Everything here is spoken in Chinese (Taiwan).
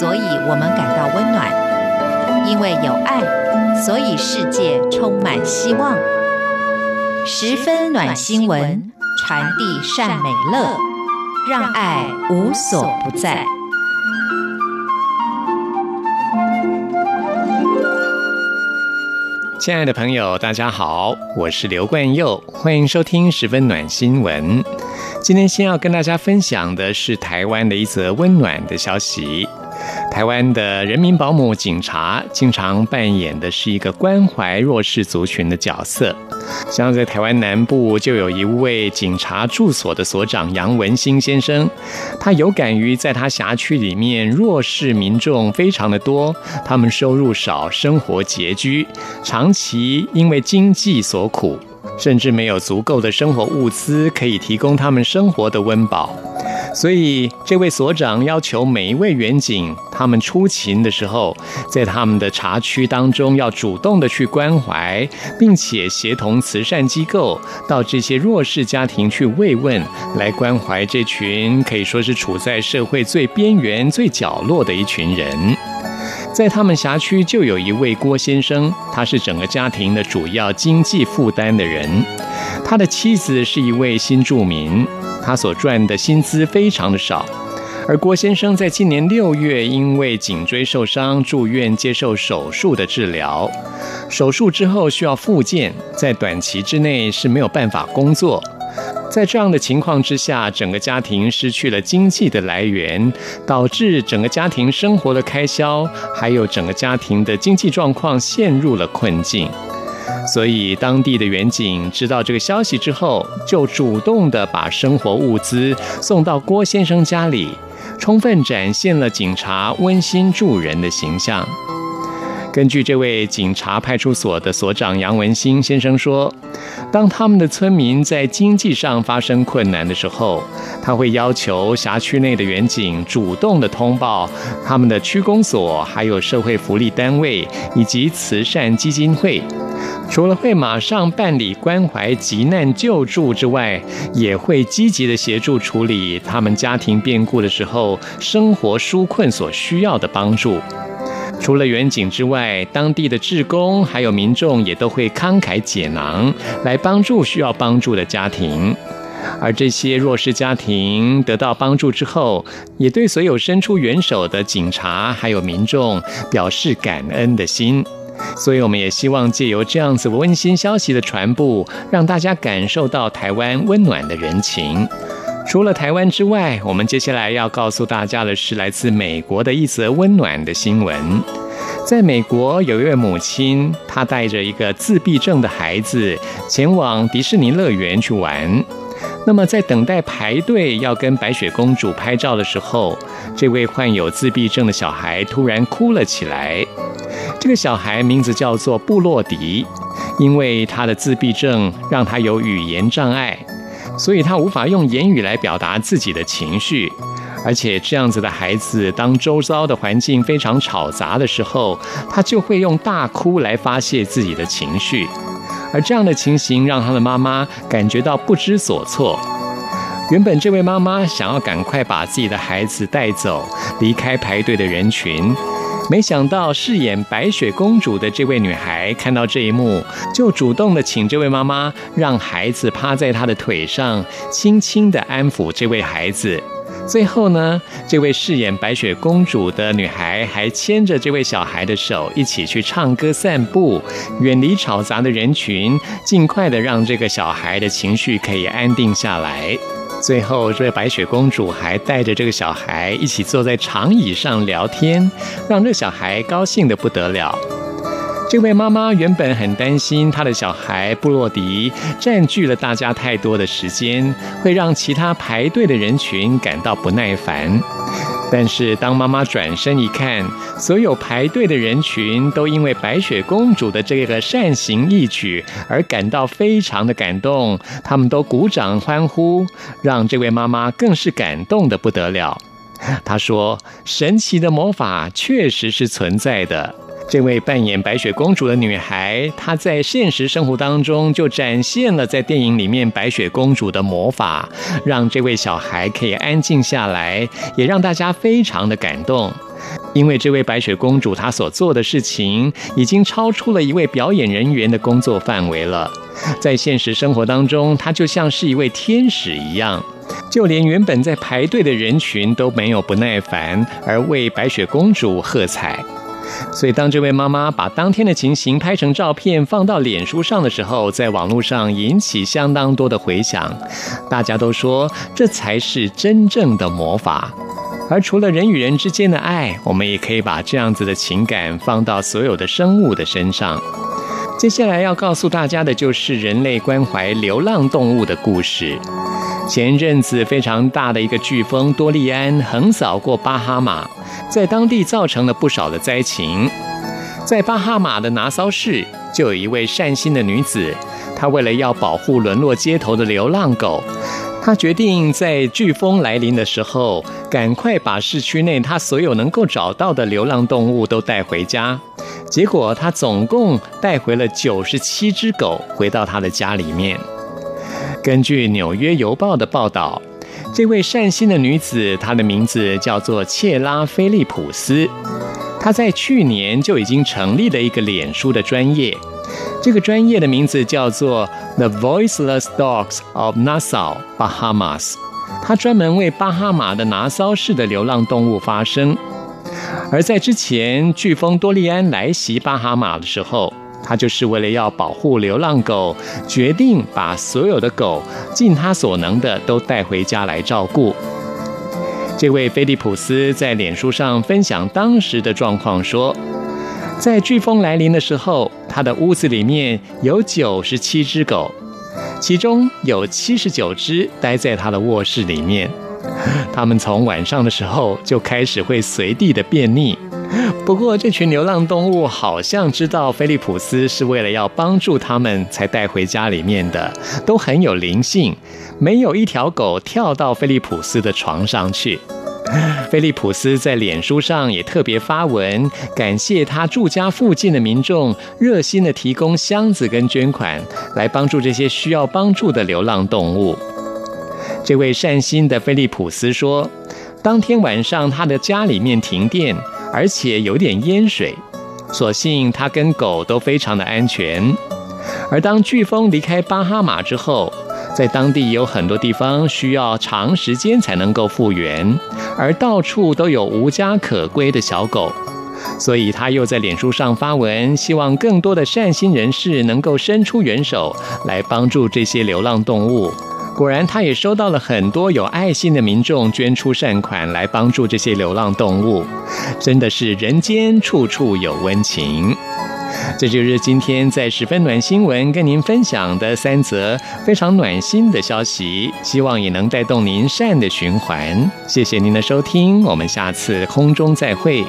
所以我們感到溫暖，因為有愛，所以世界充滿希望。十分暖新聞，傳遞善美樂，讓愛無所不在。親愛的朋友，大家好，我是劉冠佑，歡迎收聽十分暖新聞。今天先要跟大家分享的是台灣的一則溫暖的消息。台灣的人民保姆、警察經常扮演的是一個關懷弱勢族群的角色。像在台灣南部，就有一位警察住所的所長楊文興先生，他有感於在他轄區裡面弱勢民眾非常的多，他們收入少，生活拮據，長期因為經濟所苦，甚至沒有足夠的生活物資可以提供他們生活的溫飽。所以，這位所長要求每一位員警，他們出勤的時候，在他們的茶區當中，要主動的去關懷，並且協同慈善機構到這些弱勢家庭去慰問，來關懷這群可以說是處在社會最邊緣、最角落的一群人。在他們轄區就有一位郭先生，他是整個家庭的主要經濟負擔的人。他的妻子是一位新住民，他所賺的薪資非常的少，而郭先生在今年六月因為頸椎受傷住院接受手術的治療，手術之後需要復健，在短期之內是沒有辦法工作，在這樣的情況之下，整個家庭失去了經濟的來源，導致整個家庭生活的開銷還有整個家庭的經濟狀況陷入了困境。所以，當地的員警知道這個消息之後，就主動地把生活物資送到郭先生家裡，充分展現了警察溫馨助人的形象。根據這位警察派出所的所長楊文新先生說，當他們的村民在經濟上發生困難的時候，他會要求轄區內的員警主動地通報他們的區公所、還有社會福利單位以及慈善基金會。除了會馬上辦理關懷急難救助之外，也會積極地協助處理他們家庭變故的時候生活紓困所需要的幫助。除了員警之外，當地的志工還有民眾也都會慷慨解囊來幫助需要幫助的家庭，而這些弱勢家庭得到幫助之後，也對所有伸出援手的警察還有民眾表示感恩的心。所以，我們也希望借由這樣子溫馨消息的傳播，讓大家感受到台灣溫暖的人情。除了台灣之外，我們接下來要告訴大家的是來自美國的一則溫暖的新聞。在美國，有一位母親，她帶着一個自閉症的孩子前往迪士尼樂園去玩。那麼，在等待排隊要跟白雪公主拍照的時候，這位患有自閉症的小孩突然哭了起來。這個小孩名字叫做布洛迪，因為他的自閉症讓他有語言障礙。所以，他無法用言語來表達自己的情緒，而且這樣子的孩子，當周遭的環境非常吵雜的時候，他就會用大哭來發洩自己的情緒，而這樣的情形讓他的媽媽感覺到不知所措。原本這位媽媽想要趕快把自己的孩子帶走，離開排隊的人群。沒想到飾演白雪公主的這位女孩看到這一幕，就主動的請這位媽媽讓孩子趴在她的腿上，輕輕的安撫這位孩子。最後呢，這位飾演白雪公主的女孩還牽着這位小孩的手一起去唱歌、散步，遠離吵雜的人群，盡快的讓這個小孩的情緒可以安定下來。最後，這位白雪公主還帶着這個小孩一起坐在長椅上聊天，讓這個小孩高興得不得了。這位媽媽原本很擔心她的小孩布洛迪占據了大家太多的時間，會讓其他排隊的人群感到不耐煩。但是，當媽媽轉身一看，所有排隊的人群都因為白雪公主的這個善行義舉而感到非常的感動，他們都鼓掌歡呼，讓這位媽媽更是感動得不得了。她說：“神奇的魔法確實是存在的。”這位扮演白雪公主的女孩，她在現實生活當中就展現了在電影裡面白雪公主的魔法，讓這位小孩可以安靜下來，也讓大家非常的感動。因為這位白雪公主她所做的事情已經超出了一位表演人員的工作範圍了，在現實生活當中，她就像是一位天使一樣，就連原本在排隊的人群都沒有不耐煩，而為白雪公主喝彩。所以，當這位媽媽把當天的情形，拍成照片放到臉書上的時候，在網絡上引起相當多的回響。大家都說，這才是真正的魔法。而除了人與人之間的愛，我們也可以把這樣子的情感放到所有的生物的身上。接下來要告訴大家的就是人類關懷流浪動物的故事。前陣子非常大的一個颶風多利安橫掃過巴哈馬，在當地造成了不少的災情。在巴哈馬的拿騷市，就有一位善心的女子，她為了要保護淪落街頭的流浪狗，她決定在颶風來臨的時候，趕快把市區內她所有能夠找到的流浪動物都帶回家。結果她總共帶回了九十七隻狗回到她的家裡面。根據紐約郵報的報道，這位善心的女子，她的名字叫做切拉菲利普斯。她在去年就已經成立了一個臉書的專頁，這個專頁的名字叫做 The Voiceless Dogs of Nassau, Bahamas。她專門為巴哈馬的拿騷市的流浪動物發聲。而在之前，颶風多利安來襲巴哈馬的時候，他就是為了要保護流浪狗，決定把所有的狗盡他所能的都帶回家來照顧。這位菲利普斯在臉書上分享當時的狀況說，在颶風來臨的時候，他的屋子裡面有九十七隻狗，其中有七十九隻待在他的臥室裡面。他們從晚上的時候就開始會隨地的便溺。不過，這群流浪動物好像知道菲利普斯是為了要幫助他們才帶回家裡面的，都很有靈性，沒有一條狗跳到菲利普斯的床上去。菲利普斯在臉書上也特別發文，感謝他住家附近的民眾熱心的提供箱子跟捐款，來幫助這些需要幫助的流浪動物。這位善心的菲利普斯說，當天晚上他的家裡面停電。而且有點淹水，所幸他跟狗都非常的安全。而當颶風離開巴哈馬之後，在當地有很多地方需要長時間才能夠復原，而到處都有無家可歸的小狗，所以他又在臉書上發文，希望更多的善心人士能夠伸出援手來幫助這些流浪動物。果然，他也收到了很多有愛心的民眾捐出善款來幫助這些流浪動物，真的是人間處處有溫情。這就是今天在十分暖新聞跟您分享的三則非常暖心的消息，希望也能帶動您善的循環。謝謝您的收聽，我們下次空中再會。